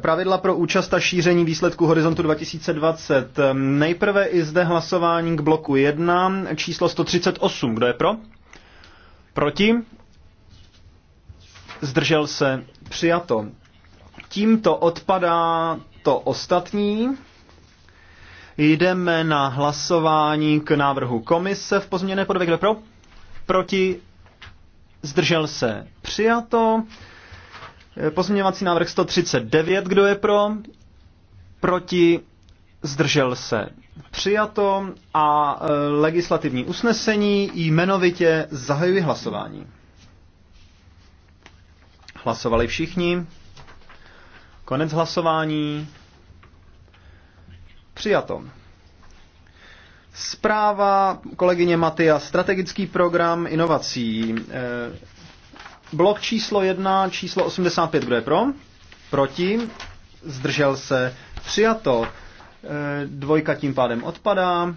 Pravidla pro účast a šíření výsledků Horizontu 2020. Nejprve i zde hlasování k bloku 1, číslo 138. Kdo je pro? Proti? Zdržel se? Přijato. Tímto odpadá to ostatní. Jdeme na hlasování k návrhu komise v pozměněné podobě. Kdo pro? Proti? Zdržel se? Přijato. Eh, pozměňovací návrh 139, kdo je pro? Proti? Zdržel se. Přijato a eh, legislativní usnesení jmenovitě zahajuji hlasování. Hlasovali všichni. Konec hlasování. Přijato. Zpráva kolegyně Matia, strategický program inovací. Eh, Blok číslo 1, číslo 85, kdo je pro? Proti? Zdržel se? Přijato. E, dvojka tím pádem odpadá.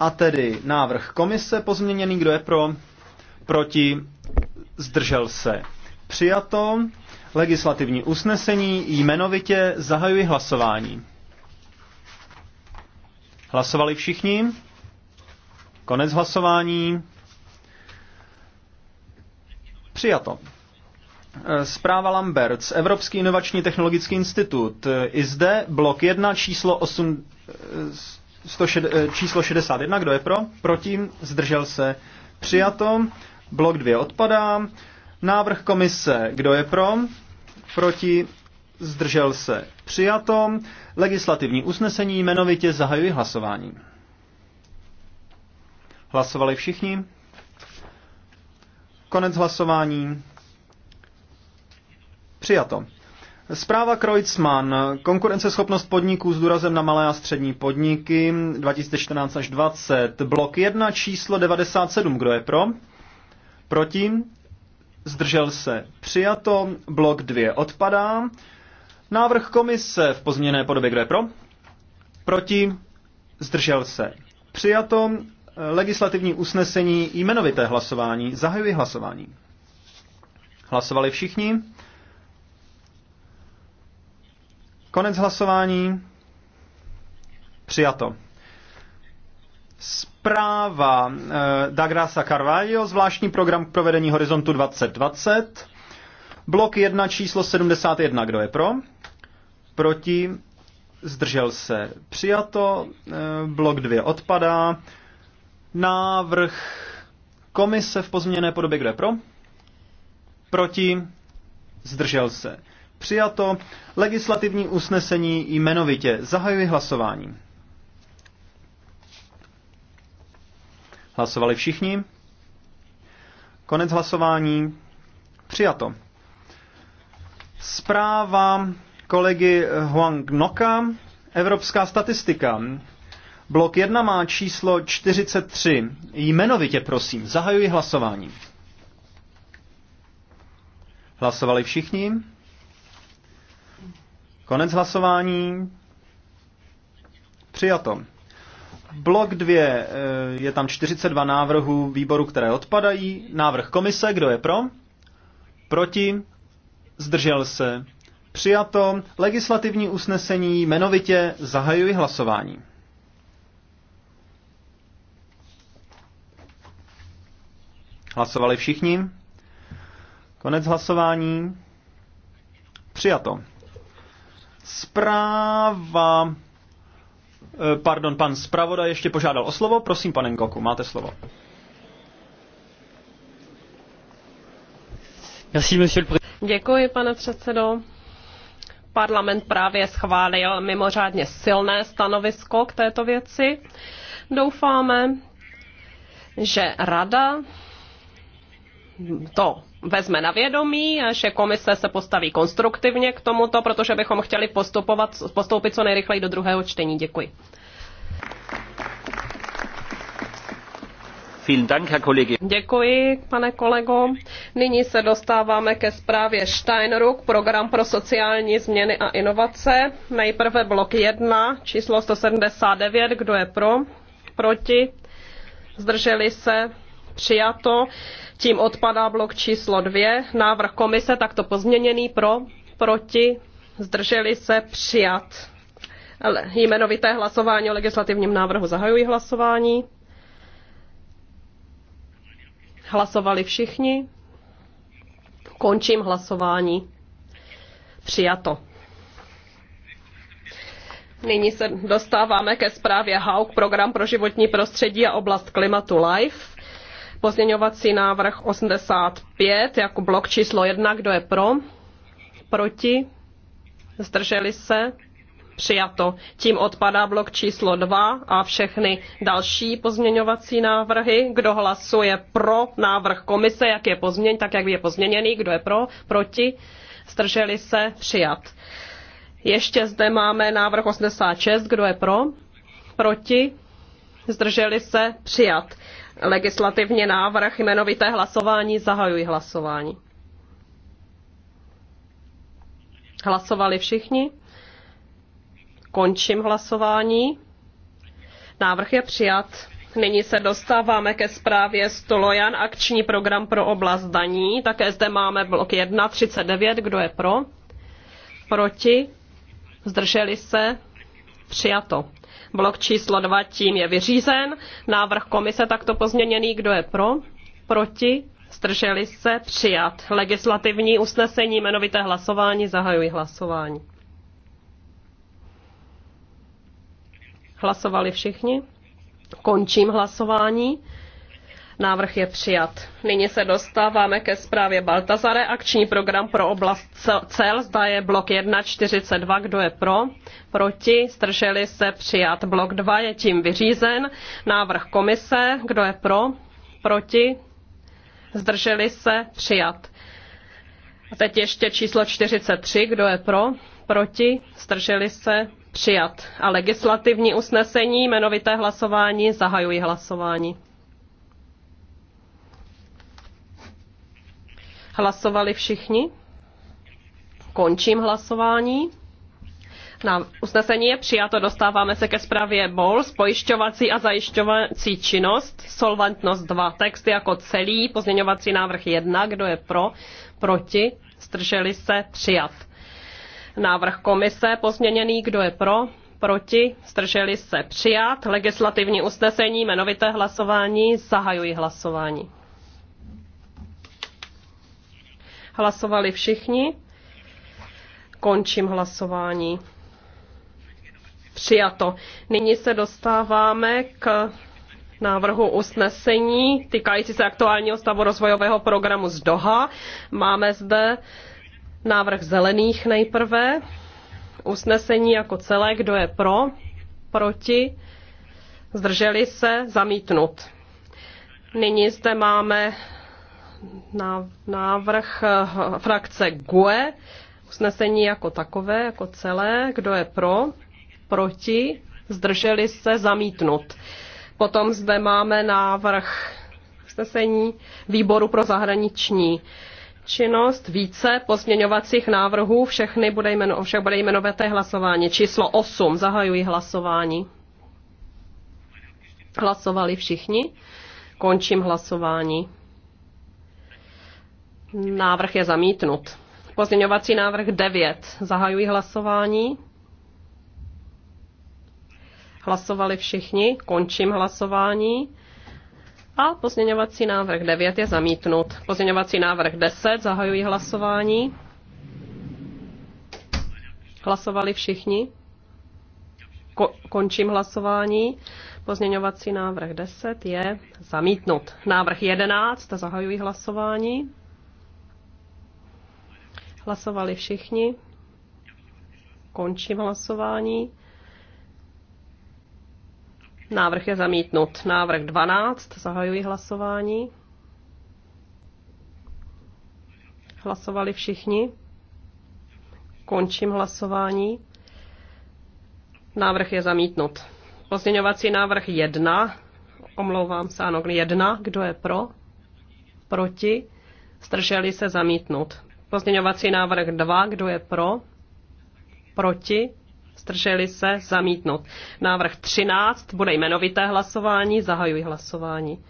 A tedy návrh komise pozměněný, kdo je pro? Proti? Zdržel se? Přijato. Legislativní usnesení jmenovitě zahajuji hlasování. Hlasovali všichni? Konec hlasování. Přijato. E, zpráva Lamberts, Evropský inovační technologický institut. E, I zde blok 1 číslo, 8, 100, e, číslo 61. Kdo je pro? Proti? Zdržel se? Přijato. Blok 2 odpadá. Návrh komise. Kdo je pro? Proti? Zdržel se? Přijato. Legislativní usnesení jmenovitě zahajuji hlasování. Hlasovali všichni? Konec hlasování. Přijato. Zpráva Kreutzmann. Konkurenceschopnost podniků s důrazem na malé a střední podniky 2014 až 20. Blok 1 číslo 97. Kdo je pro? Proti? Zdržel se. Přijato. Blok 2 odpadá. Návrh komise v pozměněné podobě. Kdo je pro? Proti? Zdržel se. Přijato. Legislativní usnesení jmenovité hlasování. Zahajuji hlasování. Hlasovali všichni? Konec hlasování. Přijato. Zpráva eh, Dagrasa Carvalho, zvláštní program k provedení Horizontu 2020. Blok 1 číslo 71, kdo je pro? Proti? Zdržel se. Přijato. Eh, blok 2 odpadá. Návrh komise v pozměněné podobě, kdo je pro? Proti? Zdržel se. Přijato. Legislativní usnesení jmenovitě. Zahajuji hlasování. Hlasovali všichni. Konec hlasování. Přijato. Zpráva kolegy Huang Noka. Evropská statistika. Blok 1 má číslo 43. Jmenovitě prosím, zahajuji hlasování. Hlasovali všichni? Konec hlasování. Přijato. Blok 2, eh, je tam 42 návrhů výboru, které odpadají. Návrh komise, kdo je pro? Proti? Zdržel se? Přijato. Legislativní usnesení jmenovitě zahajuji hlasování. Hlasovali všichni? Konec hlasování. Přijato. Zpráva. Eh, pardon, pan zpravodaj ještě požádal o slovo. Prosím, pane Ngoku, máte slovo. Děkuji, pane předsedo. Parlament právě schválil mimořádně silné stanovisko k této věci. Doufáme, že Rada to vezme na vědomí, že komise se postaví konstruktivně k tomuto, protože bychom chtěli postupovat, postoupit co nejrychleji do druhého čtení. Děkuji. Děkuji, pane kolego. Nyní se dostáváme ke zprávě Steinruck, program pro sociální změny a inovace. Nejprve blok 1, číslo 179, kdo je pro, proti, zdrželi se, přijato. Tím odpadá blok číslo dvě Návrh komise takto pozměněný pro, proti, zdrželi se přijat. Ale jmenovité hlasování o legislativním návrhu zahajují hlasování. Hlasovali všichni. Končím hlasování. Přijato. Nyní se dostáváme ke zprávě HAUK, program pro životní prostředí a oblast klimatu LIFE. Pozměňovací návrh 85 jako blok číslo 1, kdo je pro, proti, zdrželi se, přijato. Tím odpadá blok číslo 2 a všechny další pozměňovací návrhy. Kdo hlasuje pro návrh komise, jak je pozměň, tak jak je pozměněný, kdo je pro, proti, zdrželi se, přijat. Ještě zde máme návrh 86, kdo je pro, proti, zdrželi se, přijat legislativně návrh jmenovité hlasování. Zahajuji hlasování. Hlasovali všichni? Končím hlasování. Návrh je přijat. Nyní se dostáváme ke zprávě Stolojan, akční program pro oblast daní. Také zde máme blok 1, 39. Kdo je pro? Proti? Zdrželi se? Přijato. Blok číslo 2 tím je vyřízen. Návrh komise takto pozměněný. Kdo je pro? Proti? Zdrželi se? Přijat. Legislativní usnesení jmenovité hlasování. Zahajuji hlasování. Hlasovali všichni? Končím hlasování. Návrh je přijat. Nyní se dostáváme ke zprávě Baltazare. Akční program pro oblast cel. Zda je blok 142. Kdo je pro? Proti? Strželi se přijat. Blok 2 je tím vyřízen. Návrh komise. Kdo je pro? Proti? Zdrželi se přijat. A teď ještě číslo 43. Kdo je pro? Proti? Strželi se přijat. A legislativní usnesení jmenovité hlasování zahajují hlasování. Hlasovali všichni? Končím hlasování. Na usnesení je přijato, dostáváme se ke zprávě BOL, spojišťovací a zajišťovací činnost, solventnost 2, text jako celý, pozměňovací návrh 1, kdo je pro, proti, strželi se, přijat. Návrh komise pozměněný, kdo je pro, proti, strželi se, přijat. Legislativní usnesení, jmenovité hlasování, zahajuji hlasování. Hlasovali všichni. Končím hlasování. Přijato. Nyní se dostáváme k návrhu usnesení týkající se aktuálního stavu rozvojového programu z Doha. Máme zde návrh zelených nejprve. Usnesení jako celé, kdo je pro, proti, zdrželi se, zamítnut. Nyní zde máme návrh eh, frakce GUE, usnesení jako takové, jako celé, kdo je pro, proti, zdrželi se, zamítnut. Potom zde máme návrh usnesení výboru pro zahraniční činnost, více pozměňovacích návrhů, všechny bude jmeno, všech bude jmenovité hlasování. Číslo 8, zahajuji hlasování. Hlasovali všichni. Končím hlasování. Návrh je zamítnut. Pozměňovací návrh 9. Zahajuji hlasování. Hlasovali všichni, končím hlasování. A pozměňovací návrh 9 je zamítnut. Pozměňovací návrh 10, zahajuji hlasování. Hlasovali všichni? Ko- končím hlasování. Pozměňovací návrh 10 je zamítnut. Návrh 11, zahajuji hlasování. Hlasovali všichni. Končím hlasování. Návrh je zamítnut. Návrh 12. Zahajuji hlasování. Hlasovali všichni. Končím hlasování. Návrh je zamítnut. Pozměňovací návrh 1. Omlouvám se, ano, 1. Kdo je pro? Proti? Strželi se zamítnut. Pozměňovací návrh 2, kdo je pro? Proti? Zdrželi se? Zamítnout. Návrh 13, bude jmenovité hlasování, zahajuji hlasování.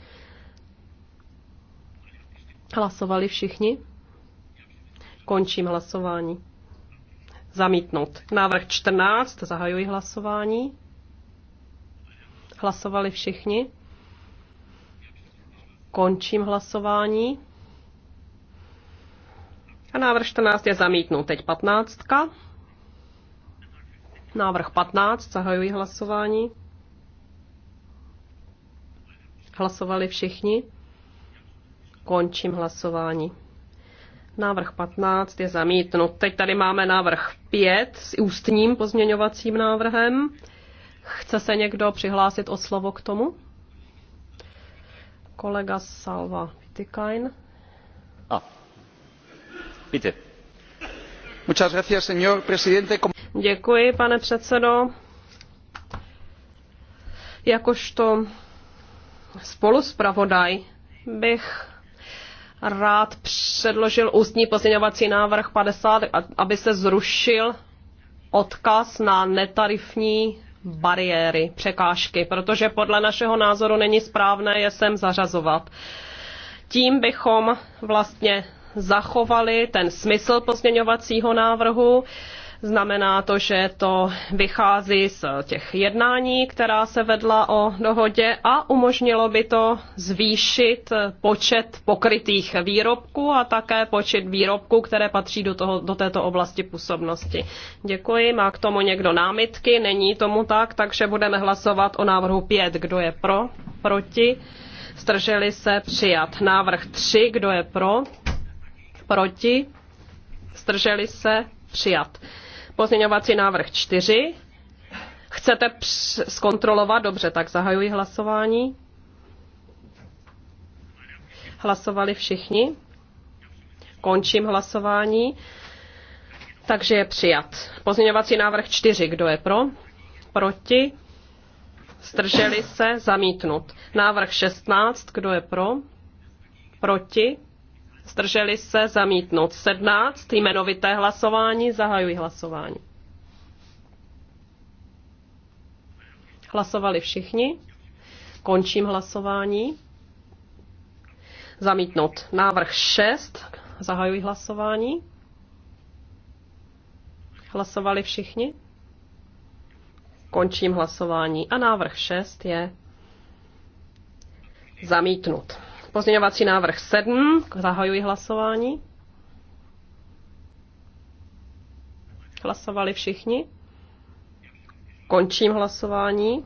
Hlasovali všichni? Končím hlasování. Zamítnout. Návrh 14, zahajuji hlasování. Hlasovali všichni? Končím hlasování. A návrh 14 je zamítnut. Teď 15. Návrh 15. Zahajuji hlasování. Hlasovali všichni? Končím hlasování. Návrh 15 je zamítnut. Teď tady máme návrh 5 s ústním pozměňovacím návrhem. Chce se někdo přihlásit o slovo k tomu? Kolega Salva Vitikain. A. Děkuji, pane předsedající Jakožto spoluzpravodaj bych rád předložil ústní pozměňovací návrh fifty aby se zrušil odkaz na netarifní bariéry, překážky, protože podle našeho názoru není správné je sem zařazovat. Tím bychom vlastně zachovali ten smysl pozměňovacího návrhu. Znamená to, že to vychází z těch jednání, která se vedla o dohodě a umožnilo by to zvýšit počet pokrytých výrobků a také počet výrobků, které patří do, toho, do této oblasti působnosti. Děkuji. Má k tomu někdo námitky? Není tomu tak, takže budeme hlasovat o návrhu 5. Kdo je pro? Proti? Strželi se přijat. Návrh 3. Kdo je pro? proti, zdrželi se, přijat. Pozměňovací návrh 4. Chcete zkontrolovat? Dobře, tak zahajuji hlasování. Hlasovali všichni. Končím hlasování. Takže je přijat. Pozměňovací návrh 4. Kdo je pro? Proti? Strželi se? Zamítnut. Návrh 16. Kdo je pro? Proti? Zdrželi se zamítnout 17. Jmenovité hlasování. Zahajuji hlasování. Hlasovali všichni. Končím hlasování. Zamítnout návrh 6. Zahajuji hlasování. Hlasovali všichni. Končím hlasování. A návrh 6 je zamítnut. Pozměňovací návrh 7. Zahajuji hlasování. Hlasovali všichni. Končím hlasování.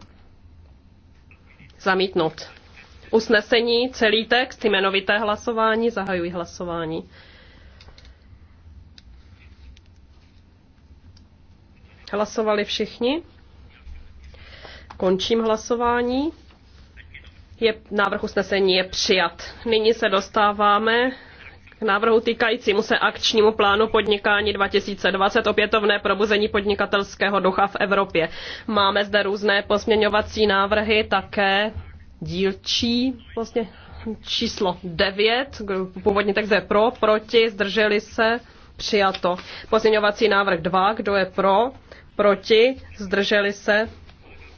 Zamítnout. Usnesení, celý text, jmenovité hlasování, zahajuji hlasování. Hlasovali všichni. Končím hlasování. Je, návrh usnesení je přijat. Nyní se dostáváme k návrhu týkajícímu se akčnímu plánu podnikání 2020 opětovné probuzení podnikatelského ducha v Evropě. Máme zde různé pozměňovací návrhy, také dílčí vlastně číslo 9, původně text je pro, proti, zdrželi se, přijato. Pozměňovací návrh 2, kdo je pro, proti, zdrželi se,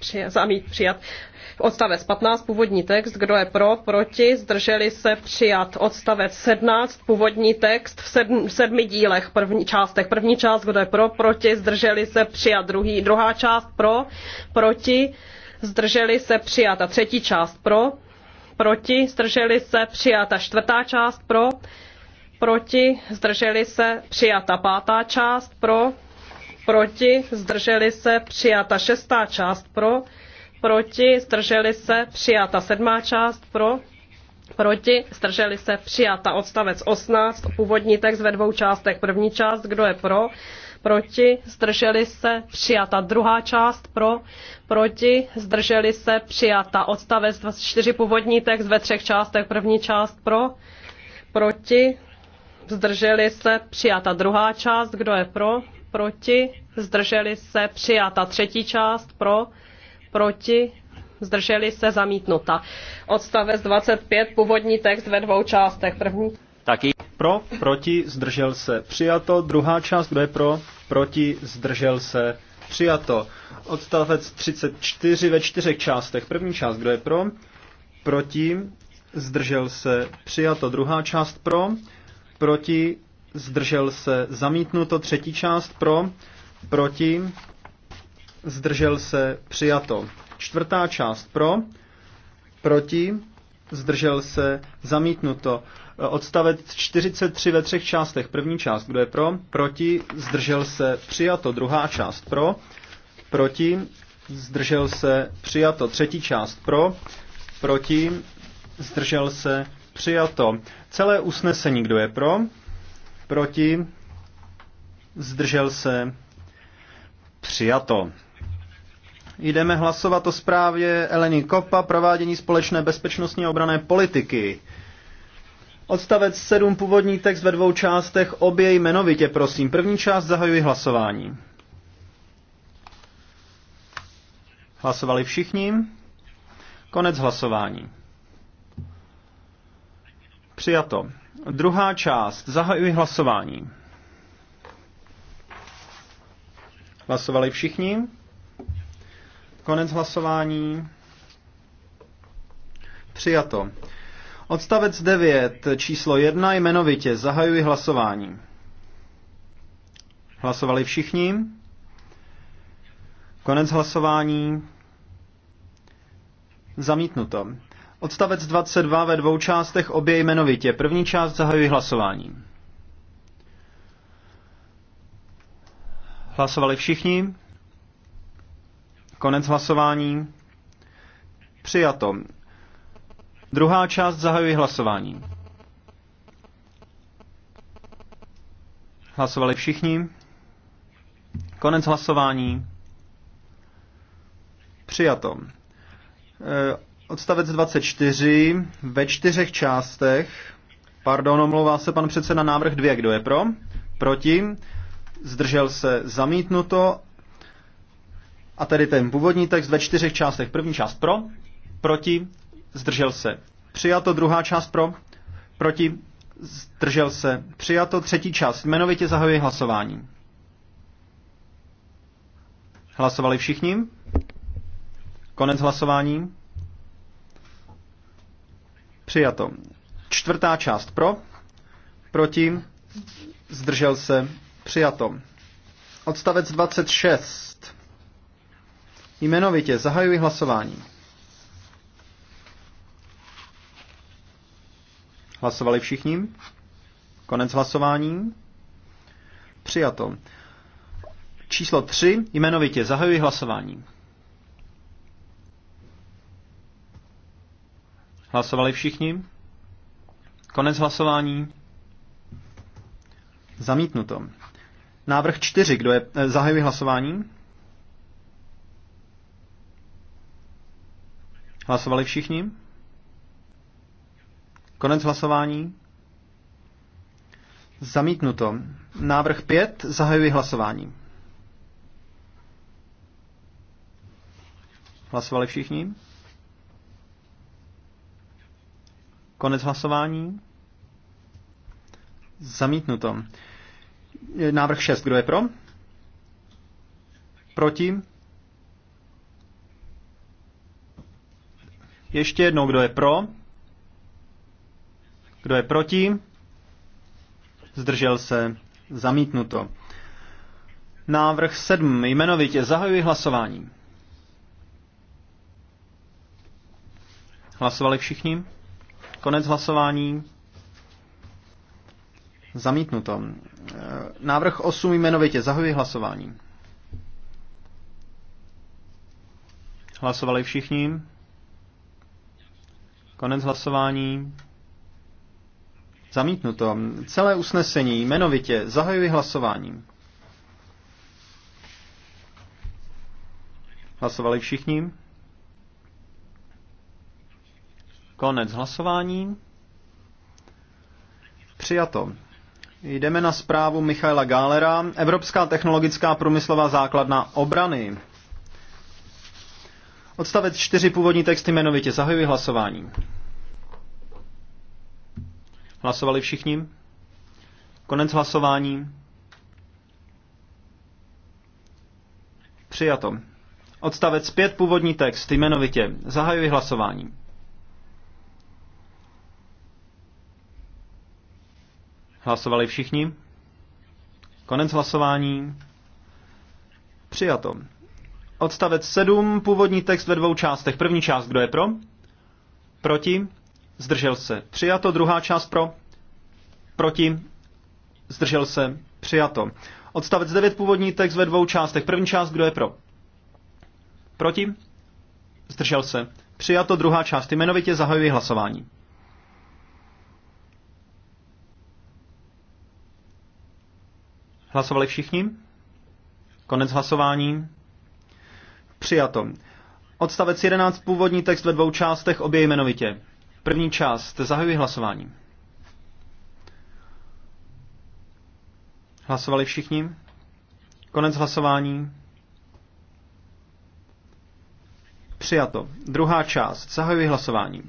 přijat, zamít, přijat. Odstavec 15, původní text, kdo je pro, proti, zdrželi se přijat. Odstavec 17, původní text v, sedm, sedmi dílech, první částech. První část, kdo je pro, proti, zdrželi se přijat. Druhý, druhá část pro, proti, zdrželi se přijat. A třetí část pro, proti, zdrželi se přijat. A čtvrtá část pro, proti, zdrželi se A Pátá část pro, proti, zdrželi se A Šestá část pro, proti, zdrželi se, přijata. Sedmá část pro, proti, zdrželi se, přijata. Odstavec 18, původní text ve dvou částech. První část, kdo je pro, proti, zdrželi se, přijata. Druhá část pro, proti, zdrželi se, přijata. Odstavec 24, původní text ve třech částech. První část pro, proti, zdrželi se, přijata. Druhá část, kdo je pro, proti, zdrželi se, přijata. Třetí část pro, proti, zdrželi se zamítnuta. Odstavec 25, původní text ve dvou částech. První. Taky. Pro, proti, zdržel se, přijato. Druhá část, kdo je pro, proti, zdržel se, přijato. Odstavec 34 ve čtyřech částech. První část, kdo je pro, proti, zdržel se, přijato. Druhá část pro, proti, zdržel se, zamítnuto. Třetí část pro, proti, zdržel se, přijato. Čtvrtá část pro, proti, zdržel se, zamítnuto. Odstavec 43 ve třech částech. První část, kdo je pro, proti, zdržel se, přijato. Druhá část pro, proti, zdržel se, přijato. Třetí část pro, proti, zdržel se, přijato. Celé usnesení, kdo je pro, proti, zdržel se, přijato jdeme hlasovat o zprávě Eleni Kopa, provádění společné bezpečnostní a obrané politiky. Odstavec 7, původní text ve dvou částech, obě jmenovitě, prosím. První část zahajuji hlasování. Hlasovali všichni? Konec hlasování. Přijato. Druhá část. Zahajuji hlasování. Hlasovali všichni? Konec hlasování. Přijato. Odstavec 9, číslo 1, jmenovitě. Zahajuji hlasování. Hlasovali všichni? Konec hlasování. Zamítnuto. Odstavec 22 ve dvou částech obě jmenovitě. První část zahajuji hlasování. Hlasovali všichni? Konec hlasování. Přijato. Druhá část zahajuji hlasování. Hlasovali všichni. Konec hlasování. Přijato. E, odstavec 24 ve čtyřech částech. Pardon, omlouvá se pan předseda návrh 2. Kdo je pro? Proti? Zdržel se zamítnuto a tedy ten původní text ve čtyřech částech. První část pro, proti, zdržel se. Přijato druhá část pro, proti, zdržel se. Přijato třetí část. Jmenovitě zahajuje hlasování. Hlasovali všichni? Konec hlasování. Přijato. Čtvrtá část pro, proti, zdržel se, přijato. Odstavec 26. Jmenovitě zahajuji hlasování. Hlasovali všichni? Konec hlasování? Přijato. Číslo 3. Jmenovitě zahajuji hlasování. Hlasovali všichni? Konec hlasování? Zamítnuto. Návrh 4. Kdo je... Eh, zahajuji hlasování. Hlasovali všichni? Konec hlasování. Zamítnuto. Návrh 5. Zahajuji hlasování. Hlasovali všichni? Konec hlasování. Zamítnuto. Návrh 6. Kdo je pro? Proti? Ještě jednou, kdo je pro? Kdo je proti? Zdržel se. Zamítnuto. Návrh 7. Jmenovitě zahajuji hlasování. Hlasovali všichni? Konec hlasování. Zamítnuto. Návrh 8 jmenovitě. Zahajuji hlasování. Hlasovali všichni? Konec hlasování. Zamítnuto. Celé usnesení jmenovitě zahajuji hlasováním. Hlasovali všichni? Konec hlasování. Přijato. Jdeme na zprávu Michaela Gálera. Evropská technologická průmyslová základna obrany. Odstavec 4 původní text jmenovitě. Zahajuji hlasování. Hlasovali všichni? Konec hlasování. Přijato. Odstavec 5 původní text jmenovitě. Zahajuji hlasování. Hlasovali všichni? Konec hlasování. Přijato. Odstavec 7, původní text ve dvou částech. První část, kdo je pro? Proti? Zdržel se. Přijato. Druhá část pro? Proti? Zdržel se. Přijato. Odstavec 9, původní text ve dvou částech. První část, kdo je pro? Proti? Zdržel se. Přijato. Druhá část. Jmenovitě zahajuji hlasování. Hlasovali všichni? Konec hlasování. Přijato. Odstavec 11, původní text ve dvou částech, obě jmenovitě. První část. Zahajuji hlasování. Hlasovali všichni? Konec hlasování. Přijato. Druhá část. Zahajuji hlasování.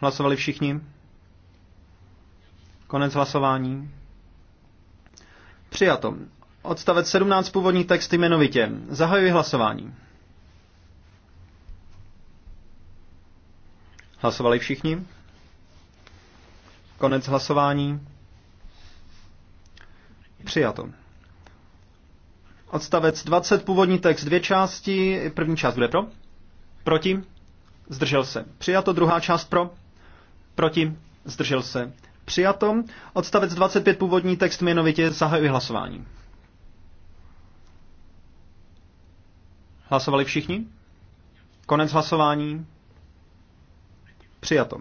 Hlasovali všichni? Konec hlasování. Přijato. Odstavec 17 původní text jmenovitě. Zahajuji hlasování. Hlasovali všichni? Konec hlasování. Přijato. Odstavec 20, původní text, dvě části. První část bude pro? Proti? Zdržel se. Přijato. Druhá část pro? Proti? Zdržel se. Přijato. Odstavec 25 původní text jmenovitě zahajuji hlasování. Hlasovali všichni? Konec hlasování. Přijato.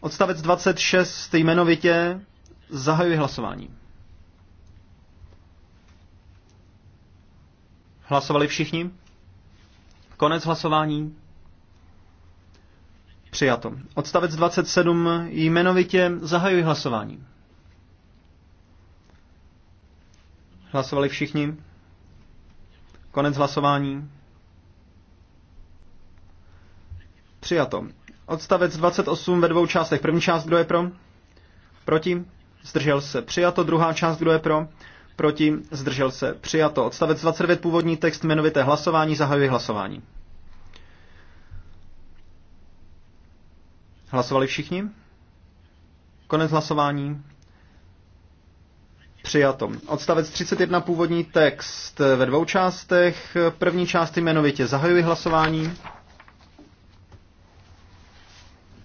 Odstavec 26 jmenovitě zahajuji hlasování. Hlasovali všichni? Konec hlasování. Přijato. Odstavec 27 jmenovitě zahajuji hlasování. Hlasovali všichni? Konec hlasování. Přijato. Odstavec 28 ve dvou částech. První část, kdo je pro? Proti? Zdržel se. Přijato. Druhá část, kdo je pro? Proti? Zdržel se. Přijato. Odstavec 29 původní text jmenovité hlasování. Zahajuji hlasování. Hlasovali všichni? Konec hlasování. Přijato. Odstavec 31 původní text ve dvou částech. První část jmenovitě zahajuji hlasování.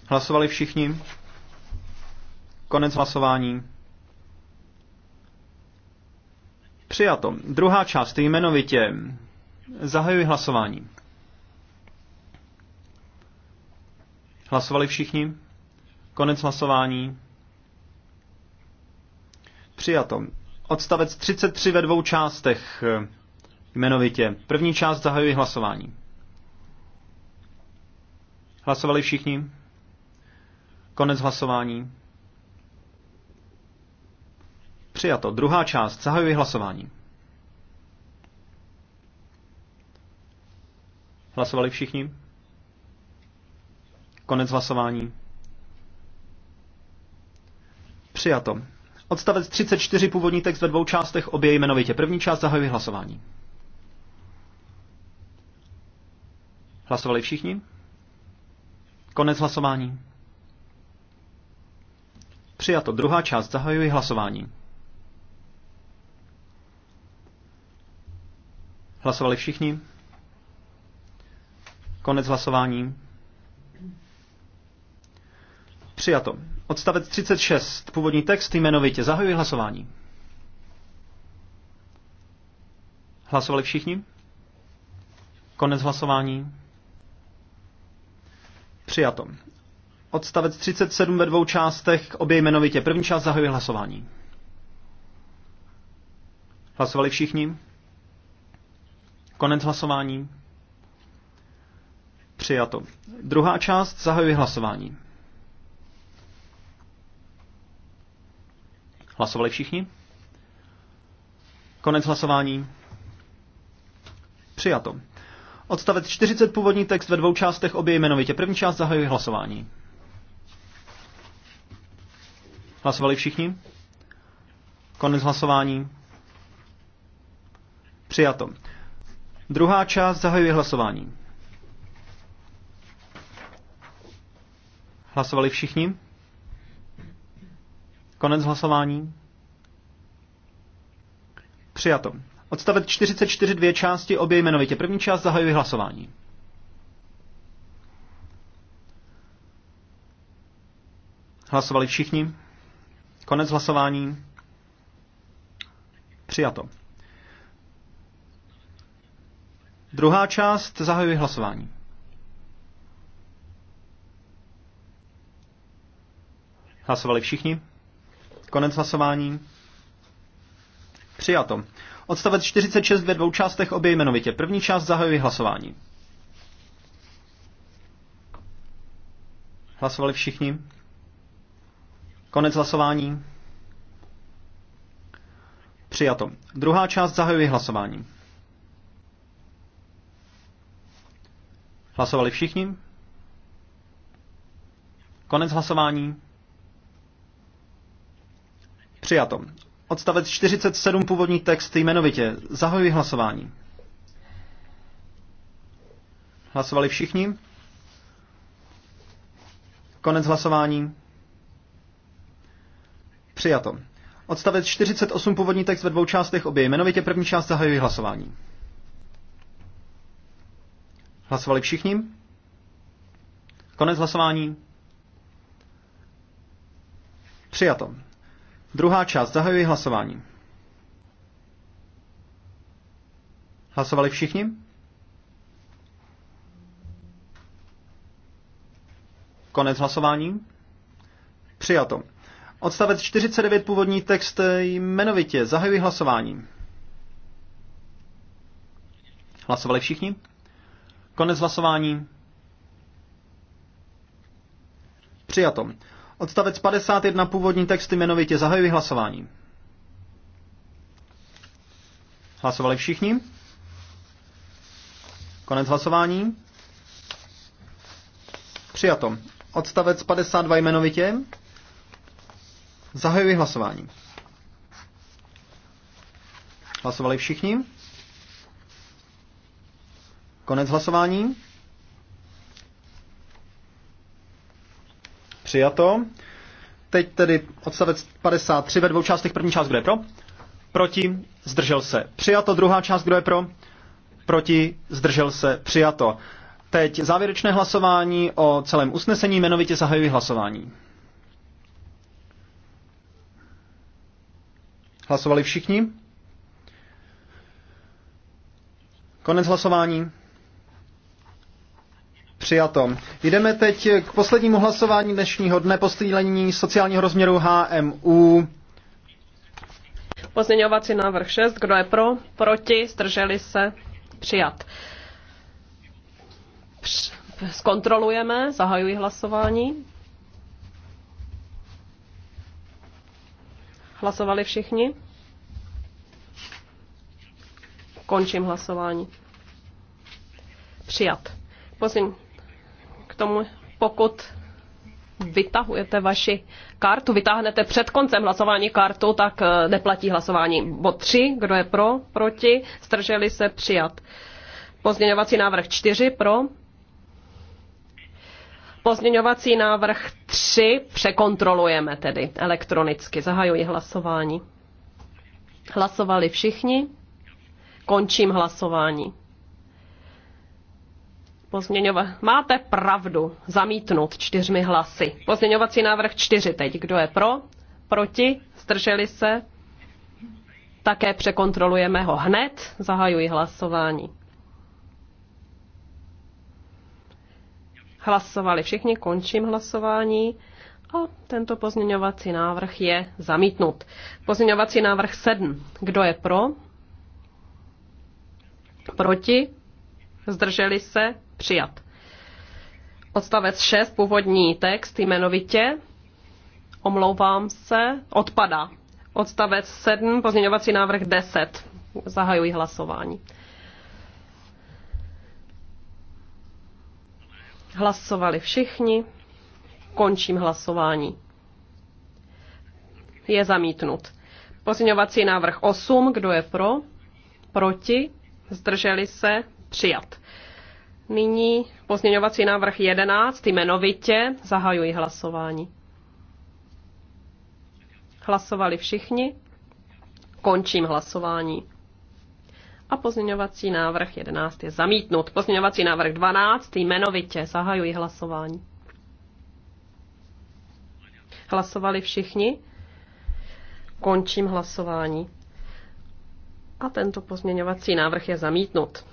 Hlasovali všichni. Konec hlasování. Přijato. Druhá část jmenovitě. Zahajuji hlasování. Hlasovali všichni? Konec hlasování. Přijato. Odstavec 33 ve dvou částech eh, jmenovitě. První část zahajuje hlasování. Hlasovali všichni? Konec hlasování. Přijato. Druhá část. Zahajuji hlasování. Hlasovali všichni? Konec hlasování. Přijato. Odstavec 34, původní text ve dvou částech, obě jmenovitě. První část zahajuje hlasování. Hlasovali všichni? Konec hlasování. Přijato. Druhá část zahajují hlasování. Hlasovali všichni? Konec hlasování. Přijato. Odstavec 36. Původní text jmenovitě. Zahajuji hlasování. Hlasovali všichni? Konec hlasování. Přijato. Odstavec 37 ve dvou částech, obě jmenovitě. První část zahajuje hlasování. Hlasovali všichni? Konec hlasování. Přijato. Druhá část zahajuje hlasování. Hlasovali všichni? Konec hlasování. Přijato. Odstavec 40 původní text ve dvou částech obě jmenovitě. První část zahajuje hlasování. Hlasovali všichni? Konec hlasování. Přijato. Druhá část zahajuje hlasování. Hlasovali všichni? Konec hlasování. Přijato. Odstavec 44 dvě části, obě jmenovitě. První část zahajuje hlasování. Hlasovali všichni. Konec hlasování. Přijato. Druhá část zahajuje hlasování. Hlasovali všichni. Konec hlasování. Přijato. Odstavec 46 ve dvou částech obě jmenovitě. První část zahajuji hlasování. Hlasovali všichni? Konec hlasování. Přijato. Druhá část zahajuji hlasování. Hlasovali všichni? Konec hlasování. Přijato. Odstavec 47 původní text jmenovitě. Zahajuji hlasování. Hlasovali všichni? Konec hlasování. Přijato. Odstavec 48 původní text ve dvou částech obě jmenovitě první část zahajuji hlasování. Hlasovali všichni? Konec hlasování. Přijato. Druhá část. Zahajuji hlasování. Hlasovali všichni? Konec hlasování. Přijato. Odstavec 49 původní text jmenovitě. Zahajuji hlasování. Hlasovali všichni? Konec hlasování. Přijato. Odstavec 51 původní texty jmenovitě zahajuji hlasování. Hlasovali všichni? Konec hlasování. Přijato. Odstavec 52 jmenovitě. Zahajuji hlasování. Hlasovali všichni? Konec hlasování. Přijato. Teď tedy odstavec 53 ve dvou částech. První část, kdo je pro? Proti. Zdržel se. Přijato. Druhá část, kdo je pro? Proti. Zdržel se. Přijato. Teď závěrečné hlasování o celém usnesení, jmenovitě zahajuji hlasování. Hlasovali všichni? Konec hlasování. Přijato. Jdeme teď k poslednímu hlasování dnešního dne, posílení sociálního rozměru HMU. Pozměňovací návrh 6. Kdo je pro? Proti? Strželi se? Přijat. Zkontrolujeme. Zahajuji hlasování. Hlasovali všichni? Končím hlasování. Přijat. Pozměňovací tomu, pokud vytahujete vaši kartu, vytáhnete před koncem hlasování kartu, tak eh, neplatí hlasování. Bod 3, kdo je pro, proti, strželi se přijat. Pozměňovací návrh 4 pro. Pozměňovací návrh 3 překontrolujeme tedy elektronicky. Zahajuji hlasování. Hlasovali všichni. Končím hlasování. Pozměňova... Máte pravdu zamítnout čtyřmi hlasy. Pozměňovací návrh čtyři teď. Kdo je pro? Proti? Zdrželi se? Také překontrolujeme ho hned. Zahajuji hlasování. Hlasovali všichni, končím hlasování. A tento pozměňovací návrh je zamítnut. Pozměňovací návrh 7. Kdo je pro? Proti? Zdrželi se? Přijat. Odstavec 6, původní text jmenovitě. Omlouvám se. Odpada. Odstavec 7, pozměňovací návrh 10. Zahajuji hlasování. Hlasovali všichni. Končím hlasování. Je zamítnut. Pozměňovací návrh 8. Kdo je pro? Proti? Zdrželi se? Přijat. Nyní pozměňovací návrh 11, jmenovitě, zahajuji hlasování. Hlasovali všichni, končím hlasování. A pozměňovací návrh 11 je zamítnut. Pozměňovací návrh 12, jmenovitě, zahajuji hlasování. Hlasovali všichni, končím hlasování. A tento pozměňovací návrh je zamítnut.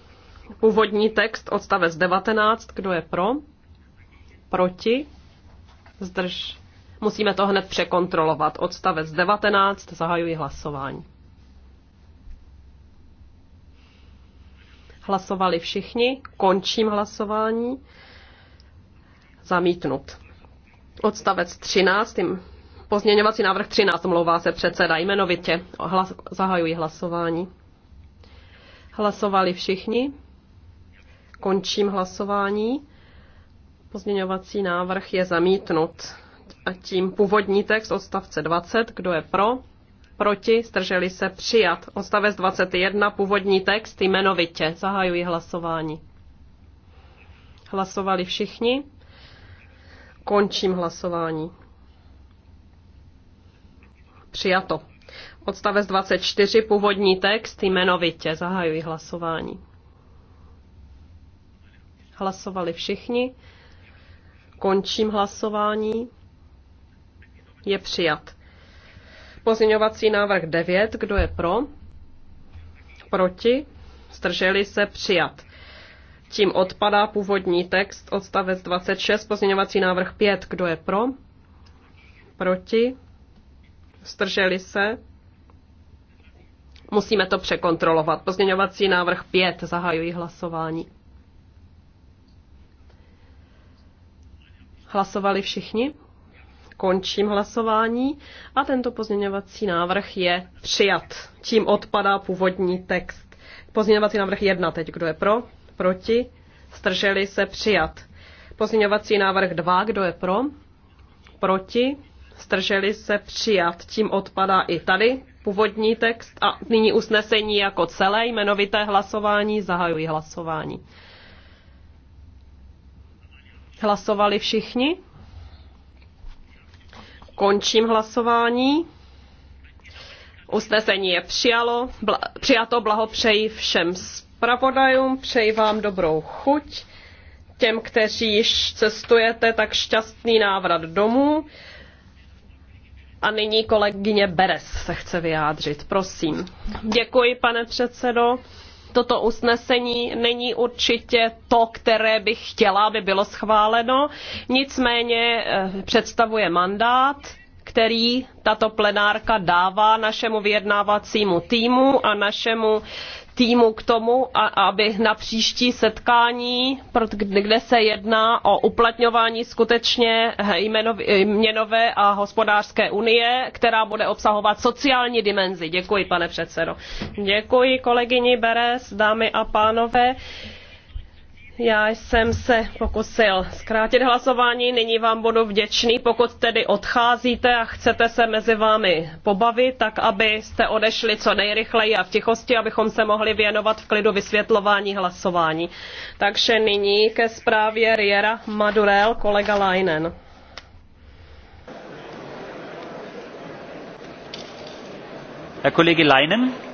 Původní text, odstavec 19, kdo je pro? Proti? Zdrž. Musíme to hned překontrolovat. Odstavec 19, zahajuji hlasování. Hlasovali všichni, končím hlasování. Zamítnut. Odstavec 13, tím pozměňovací návrh 13, mluvá se předseda jmenovitě. Hlas, zahajuji hlasování. Hlasovali všichni. Končím hlasování. Pozměňovací návrh je zamítnut. A tím původní text odstavce 20. Kdo je pro? Proti? Strželi se přijat. Odstavec 21. Původní text jmenovitě. Zahajuji hlasování. Hlasovali všichni. Končím hlasování. Přijato. Odstavec 24. Původní text jmenovitě. Zahajuji hlasování. Hlasovali všichni. Končím hlasování. Je přijat. Pozměňovací návrh 9. Kdo je pro? Proti? Zdrželi se přijat. Tím odpadá původní text, odstavec 26, pozměňovací návrh 5. Kdo je pro? Proti? Zdrželi se? Musíme to překontrolovat. Pozměňovací návrh 5. Zahajuji hlasování. Hlasovali všichni? Končím hlasování a tento pozměňovací návrh je přijat. Tím odpadá původní text. Pozměňovací návrh jedna: teď. Kdo je pro? Proti? Strželi se přijat. Pozměňovací návrh 2. Kdo je pro? Proti? Strželi se přijat. Tím odpadá i tady původní text a nyní usnesení jako celé jmenovité hlasování. Zahajuji hlasování. Hlasovali všichni? Končím hlasování. Usnesení je přijalo, bla, přijato, blahopřeji všem zpravodajům, přeji vám dobrou chuť. Těm, kteří již cestujete, tak šťastný návrat domů. A nyní kolegyně Beres se chce vyjádřit, prosím. Děkuji, pane předsedo toto usnesení není určitě to, které bych chtěla, aby bylo schváleno, nicméně eh, představuje mandát, který tato plenárka dává našemu vyjednávacímu týmu a našemu týmu k tomu, aby na příští setkání, kde se jedná o uplatňování skutečně měnové a hospodářské unie, která bude obsahovat sociální dimenzi. Děkuji, pane předsedo. Děkuji kolegyni Beres, dámy a pánové. Já jsem se pokusil zkrátit hlasování, nyní vám budu vděčný, pokud tedy odcházíte a chcete se mezi vámi pobavit, tak abyste odešli co nejrychleji a v tichosti, abychom se mohli věnovat v klidu vysvětlování hlasování. Takže nyní ke zprávě Riera Madurel, kolega Leinen. Herr Kollege Leinen.